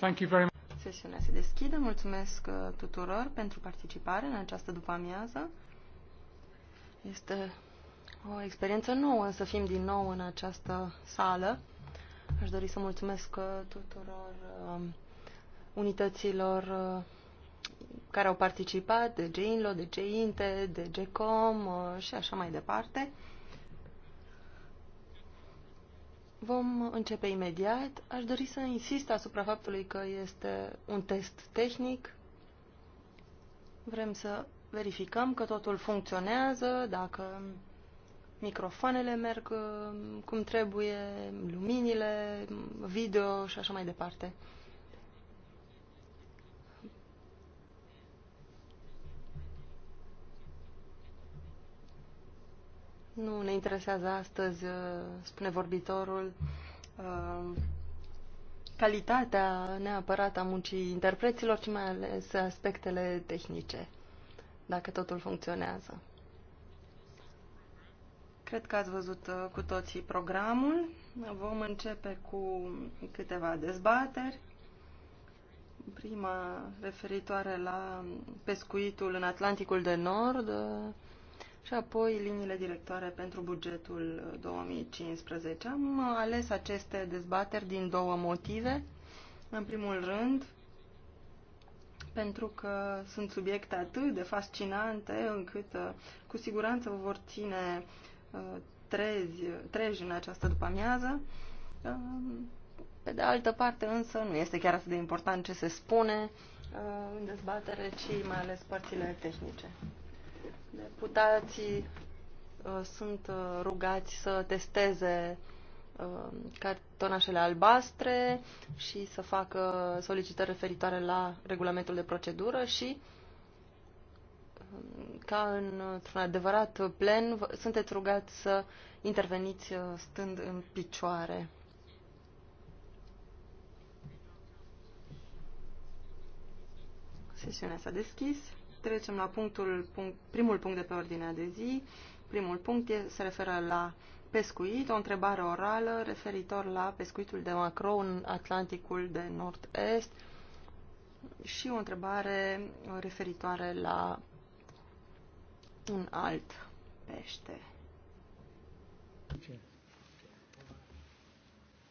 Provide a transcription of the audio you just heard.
Thank you very much. Sesiunea se deschide. Mulțumesc uh, tuturor pentru participare în această după-amiază. Este o experiență nouă să fim din nou în această sală. Aș dori să mulțumesc uh, tuturor um, unităților uh, care au participat, de GINLO, de GINTE, de GECOM și așa mai departe. Vom începe imediat. Aș dori să insist asupra faptului că este un test tehnic. Vrem să verificăm că totul funcționează, dacă microfoanele merg uh, cum trebuie, luminile, video și așa mai departe. Nu ne interesează astăzi, uh, spune vorbitorul, uh, calitatea neapărat a muncii interpreților, ci mai ales aspectele tehnice, dacă totul funcționează. Cred că ați văzut uh, cu toții programul. Vom începe cu câteva dezbateri. Prima referitoare la pescuitul în Atlanticul de Nord, și apoi liniile directoare pentru bugetul 2015. Uh, Am uh, ales aceste dezbateri din două motive. În primul rând, pentru că sunt subiecte atât de fascinante încât uh, cu siguranță vă vor ține trezi, trezi în această după-amiază. Um, pe de altă parte însă nu este chiar atât de important ce se spune în dezbatere, ci mai ales părțile tehnice. Deputații uh, sunt uh, rugați să testeze uh, cartonașele albastre și să facă solicitări referitoare la regulamentul de procedură și um, ca într-un adevărat plen, sunteți rugați să interveniți uh, stând în picioare. Sesiunea s-a deschis. Trecem la punctul, punct, primul punct de pe ordinea de zi. Primul punct e, se referă la pescuit, o întrebare orală referitor la pescuitul de macro în Atlanticul de Nord-Est și o întrebare referitoare la un alt pește. Ce?